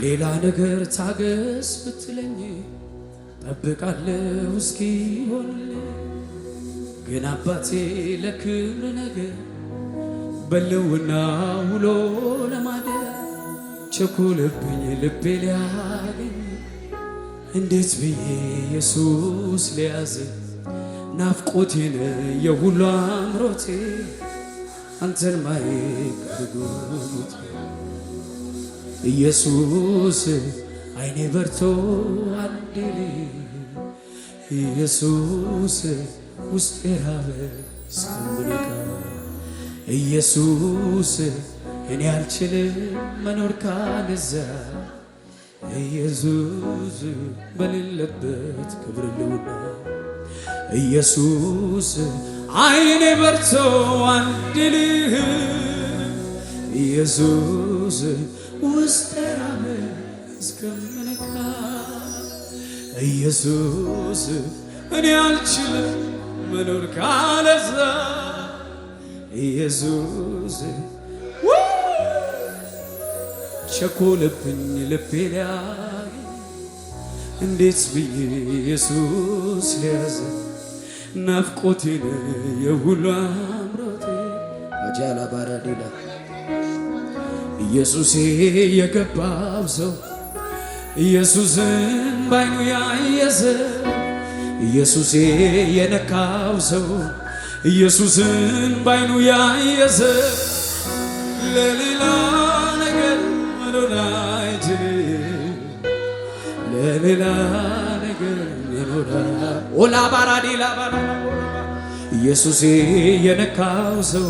ሌላ ነገር ታገስ ብትለኝ ጠብቃለሁ ሆን ግን አባቴ ለክብር ነገር በለውና ውሎ ለማደር ልብኝ ልቤ ሊያገኝ እንዴት ብዬ ኢየሱስ ሊያዝ ናፍቆቴን የሁሉ አምሮቴ አንተን ማየት ኢየሱስ አይኔ በርቶ አንድል ኢየሱስ ውስጤ ራበ እስከምበቃ ኢየሱስ እኔ አልችልም መኖር ካለዛ ኢየሱስ በሌለበት ክብር ልውና ኢየሱስ አይኔ በርቶ አንድልህ ኢየሱስ ውስጥ ራመ እስከምነካ ኢየሱስ እኔ አልችልም መኖር ካለዛ ኢየሱስ ቸኮለብኝ ልቤ ላይ እንዴት ብዬ ኢየሱስ ሊያዘ ናፍቆቴን የሁሉ አምሮቴ አጃላ ባራዴላ ኢየሱሴ የገባው ሰው ኢየሱስን ባይኑ ያየሰ ኢየሱሴ የነካው ሰው ኢየሱስን ባይኑ ያየሰ ለሌላ ነገር መኖር አይችልም። ለሌላ ነገር የኖራ ኦላ ባራዴ ኢየሱሴ የነካው ሰው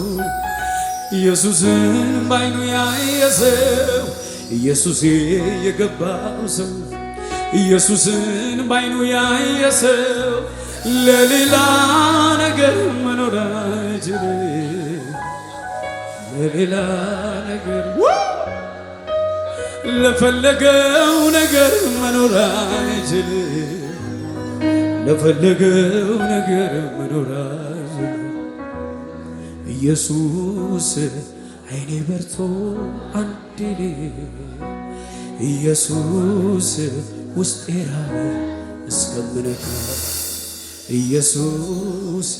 ኢየሱስን ባይኑ ያየ ሰው ኢየሱሴ የገባው ሰው ኢየሱስን ባይኑ ያየ ሰው ለሌላ ነገር መኖር አይችልም። ለሌላ ነገር ለፈለገው ነገር መኖር አይችልም። ለፈለገው ነገር መኖር ኢየሱስ አይኔ በርቶ አንድ ኢየሱስ ውስጤ ራበ እስከምነካ ኢየሱስ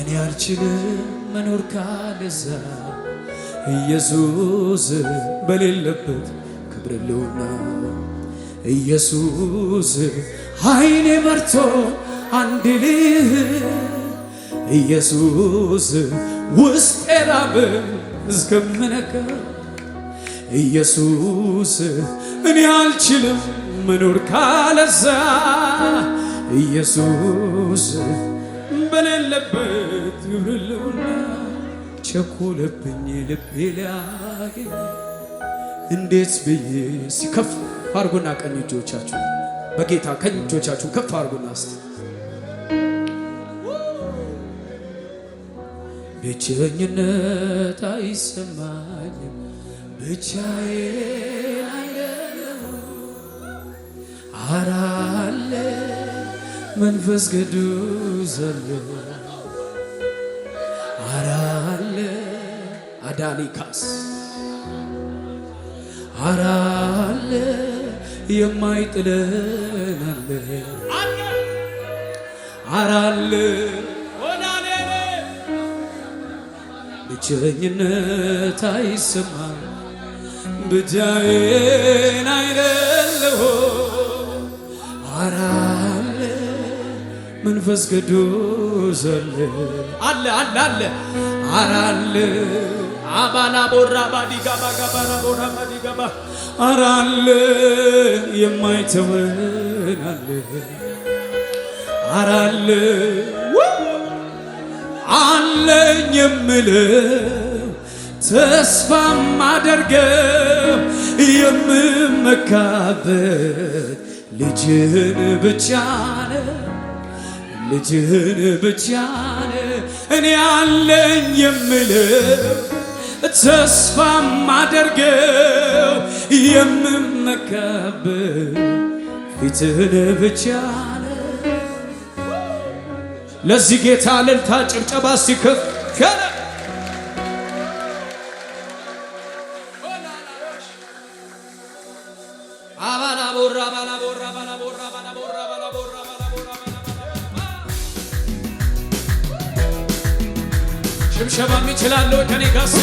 እኔ አልችልም መኖር ካለዛ ኢየሱስ በሌለበት ክብር የለውና ኢየሱስ አይኔ በርቶ አንድ ኢየሱስ ውስጤ ራበ እስከምነካ ኢየሱስ እኔ አልችልም መኖር ካለዛ ኢየሱስ በሌለበት ይውልልውና ቸኮለብኝ ልቤ ሊያገኝ እንዴት ብዬ ሲከፍ አርጎና ቀኝ እጆቻችሁ በጌታ ቀኝ እጆቻችሁ ከፍ አርጎና እስቲ ብቸኝነት አይሰማኝም። ብቻዬን አይደለሁም አራለ መንፈስ ቅዱስ ዘሎ አራለ አዳኒካስ አራለ የማይጥለን አለ አራለ ብቸኝነት አይሰማም ብቻዬን አይደለሁ አራለ መንፈስ ቅዱስ አለ አለ አለ አለ አራለ አባላ ቦራ ባዲጋባ ጋባራ ቦራ ባዲጋባ አራለ የማይተወን አለ አራለ አለኝ የምለው ተስፋ ማደርገው የምመካበት ልጅህን ብቻ ልጅህን ብቻ እኔ አለኝ የምለው ተስፋ ማደርገው የምመካበት ፊትህን ብቻ ለዚህ ጌታ እልልታ ጭብጨባ ሲከፍ ከረ ሽብሸባ ይችላለሁ ከኔ ጋስ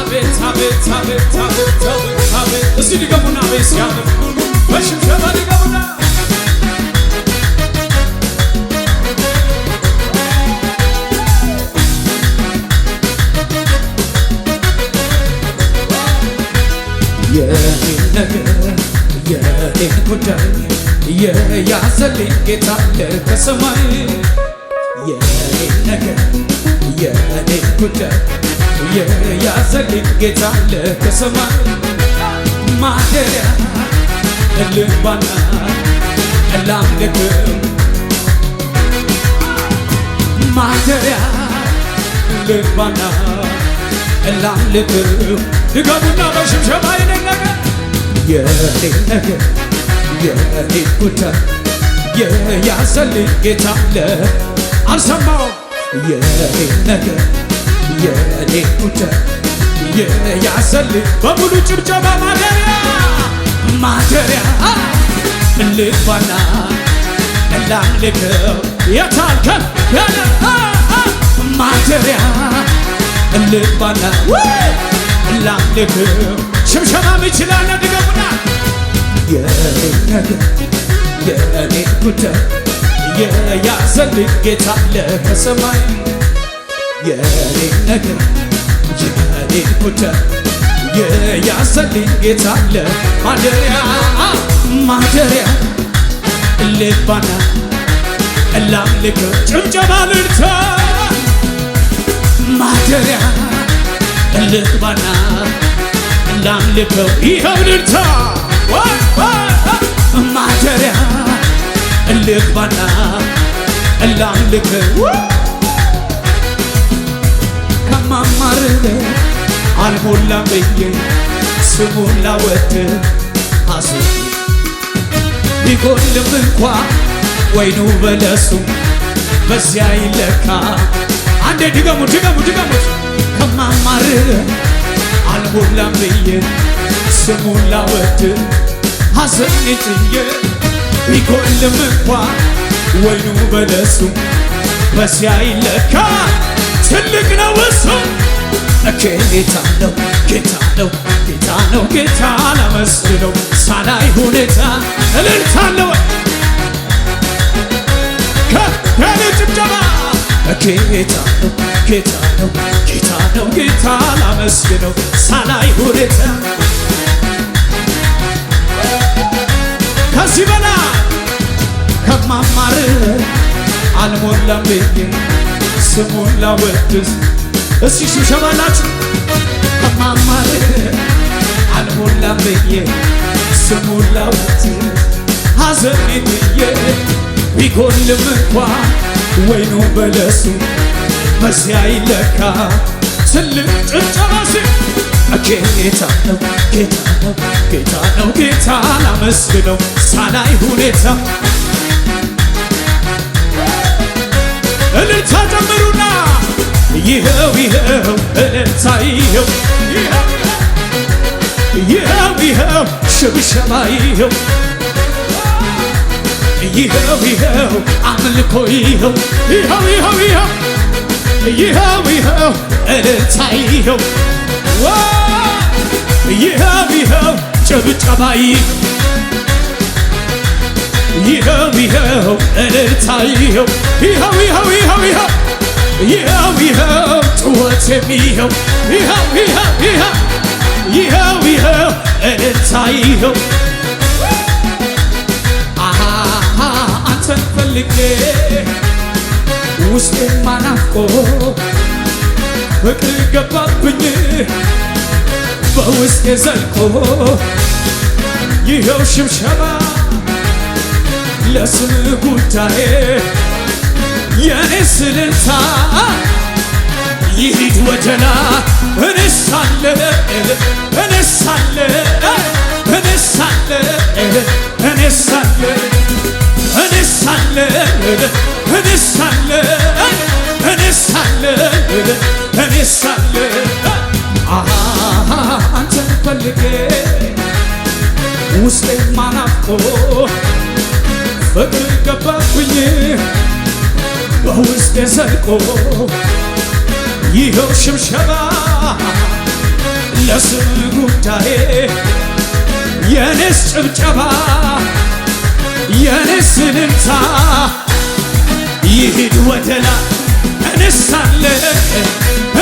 አቤት አቤት አቤት አቤት እስቲ ድገሙና ሲያም በሽምሸታ ድገሙና የኔን የያዘልኝ ጌታ ከሰማይ የኔን ነገር የኔን ጉዳይ የያዘልኝ ጌታ ከሰማይ ማደሪያ እልባና እላምልክም ማደሪያ እልባና እላምልክም ድገሙና በሽብሸባ ይደነቀ የኔ ነገር የኔ ጉዳይ የያዘልኝ ጌታ አለ አልሰማው የኔ ነገር የኔ ጉዳይ ያሰልኝ በሙሉ ጭብጨባ ማደሪያ ማደሪያ ልግባና ላምልከው የታልከን ማደሪያ ልግባና ላምልከው ሽምሸማ ይችላል ድገሙና የኔ ነገር የኔ ጉዳይ የያዘልኝ ጌታ ለከሰማይ የኔ ነገር ከኔ ጉደ የያዘልኝ ጌታ አለ ማደሪያ ማደሪያ ልባና እላምልክ ጭብጨባ ልልታ ማደሪያ ልባና እላምልከው ይኸው ልልታ ማደሪያ ልባና እላምልከው አልሞላም ብዬ ስሙን ላወድር አስብ ቢጎልም እንኳ ወይኑ በለሱ በዚያ ይለካ። አንዴ ድገሙት ድገሙት ድገሙት ከማማር አልሞላም ብዬ ስሙን ላወድር ሐዘን ጭዬ ቢጎልም እንኳ ወይኑ በለሱ በዚያ ይለካ። ትልቅ ነው እሱ ጌታ ነው ጌታ ነው ጌታ ነው ጌታ ላመስግነው ሳላይ ሁኔታ እልልታለው ጭብጨባ ጌታ ነው ጌታ ነው ጌታ ነው ጌታ ላመስግነው ሳላይ ሁኔታ ከዚህ በላይ ከማማር አልሞላም ስሙን ላወድስ እስኪ ሽሸባላችሁ እማማርህ አልሞላም ብዬ ስሞላውት ሐዘኔ ብዬ ቢጎልም እንኳ ወይኑ በለሱ በዚያ ይለካ ትልቅ ጭብጨባ ጌታ ነው ጌታ ነው ጌታ ነው ጌታ ላመስግነው ሳላይ ሁኔታ እልልታ ጨምሩና ይኸው ይኸው እልልታ ይኸው ይኸው ይኸው ሽብሸባ ይኸው ይኸው ይኸው አምልኮ ይኸው ይኸው ይኸው ይኸው ይኸው ይኸው እልልታ ይኸው ይኸው ይኸው ይኸው ይኸው እልልታ ይኸው ይኸው ይኸው ይኸው ይኸው ይኸው ጩኸት የሚኸው ይኸው ይኸው ይኸው ይኸው ይኸው እልልታ ይኸው አንተን ፈልጌ ውስጤን ማናፍቆ ፍቅር ገባብኝ በውስጤ ዘልቆ ይኸው ሽብሸባ ለስም ጉዳዬ የእስልልታ ይሂድ ወጀና እነሳለ እነሳለ እነሳለ እነሳለ እነሳለ እነሳለ እነሳለ እነሳለ አንተን ፈልጌ ውስጤ ማናፍቆ ፍቅር ገባኩኝ። በውስጥ የዘልቆ ይኸው ሽብሸባ ለስም ጉዳዬ የኔስ ጭብጨባ የኔስ ንምታ ይሂድ ወደላ እንሳለን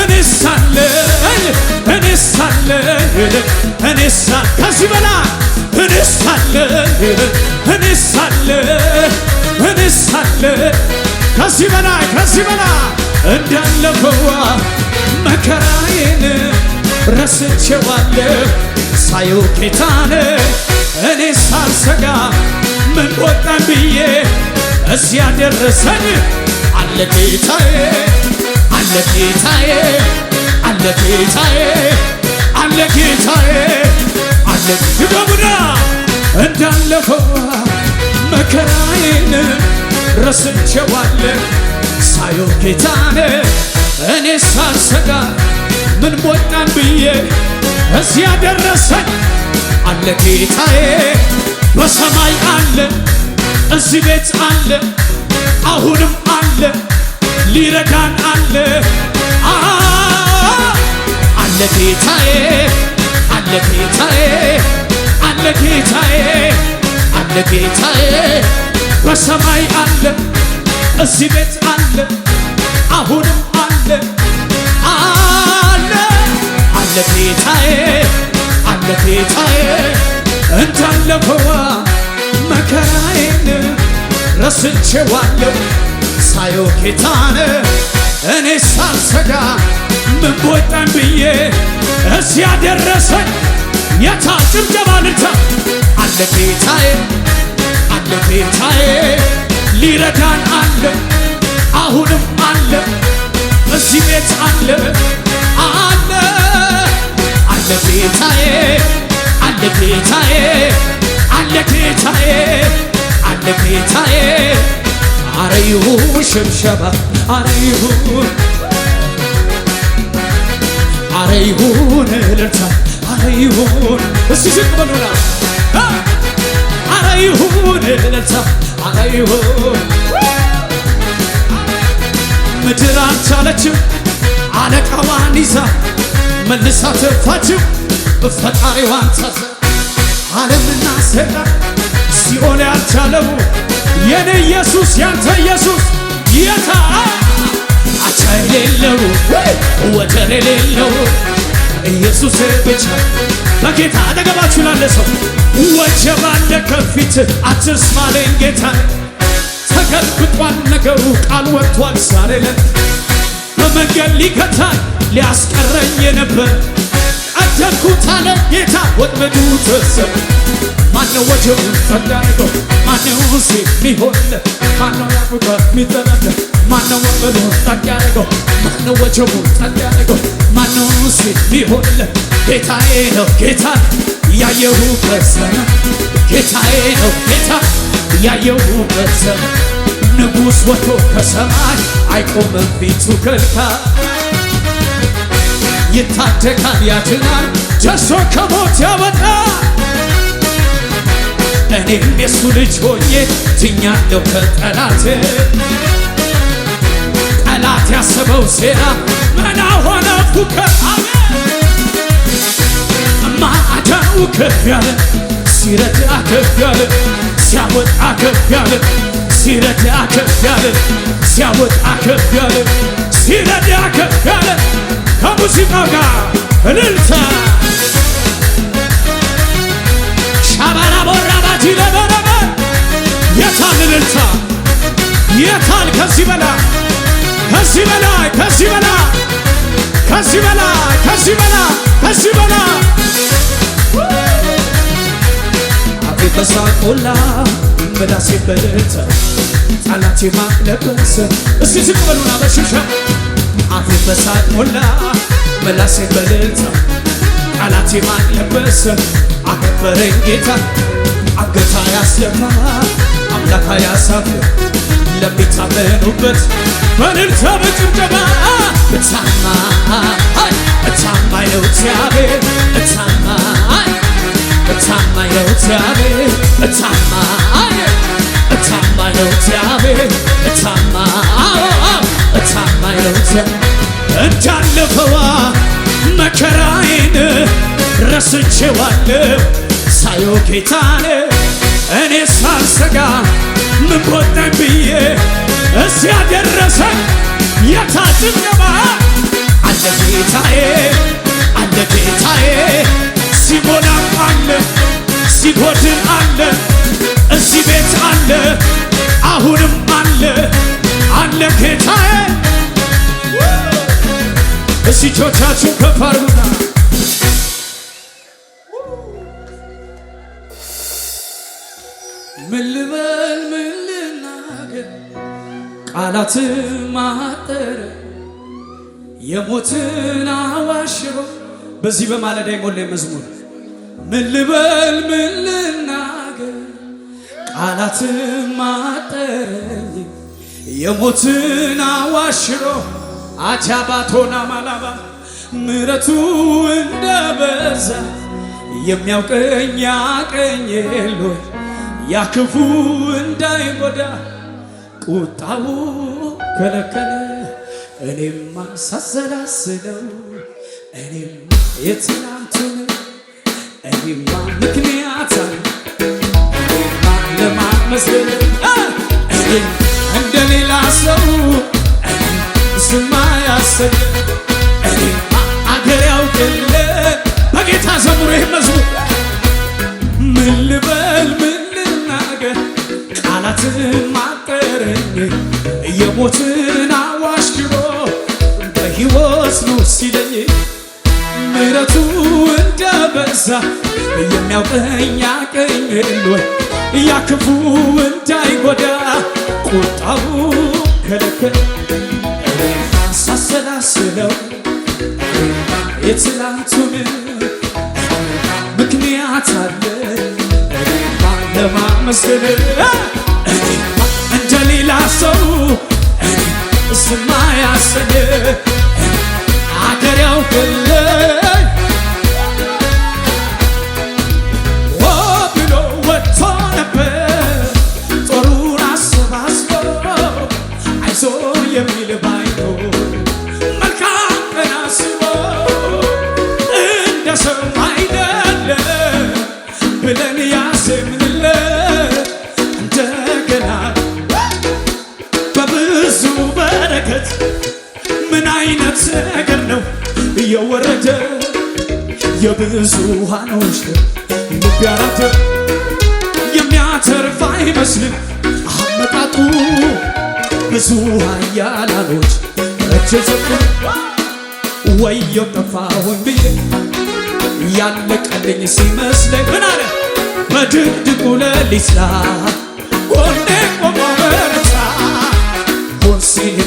እንሳለን እንሳለን እንሳ ከዚህ በላ እንሳለን እንሳለን እንሳለን ከዚህ በላይ ከዚህ በላይ እንዳለፈዋ መከራዬን ረስቼዋለሁ ሳየው ጌታን እኔ ሳልሰጋ ምን ወጣን ብዬ እዚያ ደረሰኝ አለ ጌታዬ አለ ጌታዬ አለ ጌታዬ አለ ጌታዬ አለ ይደሙና እንዳለፈዋ መከራዬን ረስቸዋለሁ ሳየው ጌታነ እኔ ሳልሰጋ ምን ሞላን ብዬ እዚያ ደረሰኝ አለ ጌታዬ በሰማይ አለ እዚህ ቤት አለ አሁንም አለ ሊረዳን አለ አለ ጌታዬ አለ ጌታዬ አለ ጌታዬ አለ ጌታዬ በሰማይ አለ እዚህ ቤት አለ አሁንም አለ አለ አለ ጌታዬ አለ ጌታዬ እንዳለፈዋ መከራዬን ረስቼዋለሁ ሳየው ጌታን እኔ ሳልሰጋ ምን ቦጣን ብዬ እዚያ ደረሰኝ የታ ጭብጨባ ልታ አለ ጌታዬ ጌታዬ ሊረዳን አለ አሁንም አለ በዚህ ቤት አለ አለ አለ ጌታዬ አለ ጌታዬ አለ ጌታዬ አለ ጌታዬ አረ ሽብሸባ አረ ይሁን እልልታ አረ እስቲ ዝቅ በሉላ ይሁን እልልታ ይሁን ምድር አልቻለችም አለቃዋን ይዛ መልሳ ተፋችው በፈጣሪዋን ታዘ ዓለምና ሰላ ሲኦል ያልቻለው የኔ ኢየሱስ ያንተ ኢየሱስ የታ አቻ የሌለው ወደር የሌለው ኢየሱስ ብቻ ለጌታ አጠገባችሁ ላለ ሰው ወጀብ አለ ከፊት አትስማ አለኝ ጌታ ተገልብጧል ነገሩ ቃል ወጥቷል ዛሬ ለ በመንገድ ሊከታል ሊያስቀረኝ የነበር አደኩት አለ ጌታ ወጥመዱ ተሰብ ማነው ወጀቡ ተዳርጎ ማነው ሲ ሚሆን ማነው ያቁታ ሚጠናለ ማነው ወጥመዱ ጠቅ ያደረገው ማነው ወጀቡ ጠቅ ያደረገው ማኖስ ቢሆን ጌታዬ ነው ጌታ ያየሁበት ዘመን ጌታዬ ነው ጌታ ያየሁበት ዘመን ንጉሥ ወጥቶ ከሰማይ አይቆምም ፊቱ ከልካ ይታደጋል ያድናል ጀሶ ከሞት ያወጣ እኔም የሱ ልጅ ሆኜ ትኛለው ከጠላቴ ጠላት ያሰበው ሴራ ማዕዳው ከፍ ያለ ሲረዳ ከፍ ያለ ሲያወጣ ከፍ ያለ ሲረዳ ከፍ ያለ ሲያወጣ ከፍ ያለ ሲረዳ ከፍ ያለ ከሙዚቃው ጋር እልልታ ሻባራ ቦራባቲ ለበረበ የታል እልልታ የታል ከዚህ በላይ ከዚህ በላይ ከዚህ በላይ ከዚህ በላይ ከዚህ በላይ ከዚህ በላይ አፌ በሳቆላ በዳሴ በልተ ጣላቴ ማቅለበሰ እስቲ ዝቅ በሉና በሽሻ አፌ በሳቆላ በላሴ በልተ ጣላቴ ማቅለበሰ አከበረኝ ጌታ አገታ ያስለማ አምላካ ያሳፍር ለሚታመኑበት በእልልታ በጭብጨባ እታማኝ እታማኝ ነው እግዚአብሔር እታማኝ እታማኝ ነው እግዚአብሔር እታማኝ እታማኝ ነው እግዚአብሔር እታማኝ ነው እግዚአብሔር እንዳለፈዋ መከራዬን ረስቼዋለሁ ሳየው ጌታን እኔ ሳልሰጋ ምን ቦታኝ ብዬ እስ ያደረሰን የታጭብገባ አለ ጌታዬ አለ ጌታዬ ሲሞላም አለ ሲጎድል አለ እዚህ ቤት አለ አሁንም አለ አለ ጌታዬ እስ ጆቻችሁን ምን ልበል ቃላት ማጠረ የሞትን አዋሽሮ በዚህ በማለዳ የሞላ መዝሙር ምን ልበል ምን ልናገር ቃላት ማጠረኝ የሞትን አዋሽሮ አቻባቶና ማላባ ምረቱ እንደበዛ የሚያውቀኝ ያቀኝ የሎ ያክፉ እንዳይጎዳ ቁጣው ከለከለ። እኔም እኔማ ሳሰላስለው እኔም የትናንቱን እኔማ ምክንያት እኔማ ለማመስገን እኔ እንደሌላ ሰው እሱማ ያሰገ ክፉ እንዳይጎዳ ቁጣው ከለከለ ሳሰላስለው የትላንቱን ምክንያት አለ ለማመስገን እንደ ሰው ስማ ያሰኘ አገሪያው የብዙሃኖች ልብ ያረፈ የሚያተርፍ አይመስልም አመጣጡ ብዙ ኃያላኖች እጅ ወየው ጠፋሁኝ ብዬ ያለቀልኝ ሲመስለኝ ምን አለ በድቅድቁ ሌሊት ላይ ጎኔ ቆሞ በረታ ሆን ሲል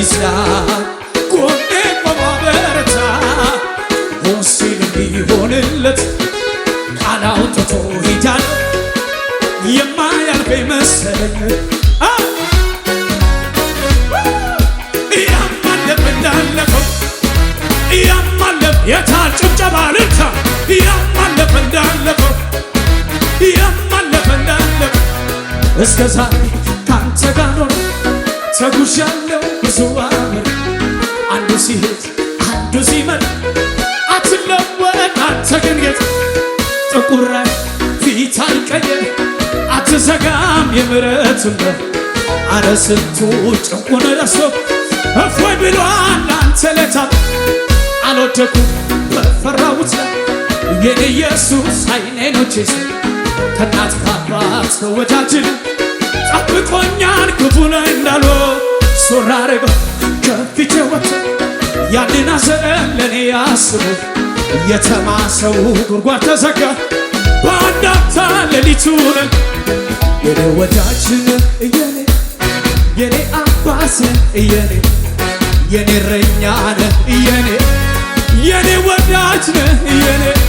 ቢሳ ቆሜ በማበረታ ሙሴን ቢሆንለት ቃል አውጥቶ ሂዳል የማያልፈኝ መሰለኝ እያማለፍ እንዳለፈው እያማለፍ የታል እስከ ዛሬ ካንተ ጋር ኖር ተጉሻለሁ ሲዋብር አንዱ ሲሄድ አንዱ ሲመር አትለወጥ አንተ ግን ጌጥ ጥቁር ፊት አልቀየር አትዘጋም የምሕረት በር አረ ስንቱ ጭንቁን ረስቶ እፎይ ብሏል አንተ ለታም አልወደኩም በፈራሁት ላይ የኔ ኢየሱስ አይኔኖቼስ ከእናት ከአባት ከወዳጅን ጠብቆኛል ክፉ ነህ እንዳልሆን ሶራ አረገ ከፍቼ ወጥቶ ያንን አዘን ለእኔ አስቦ የተማሰው ጉድጓድ ተዘጋ በአንዳታ ሌሊቱን የኔ ወዳጅን እየኔ የኔ አባስን እየኔ የኔ እረኛን እየኔ የኔ ወዳጅን እየኔ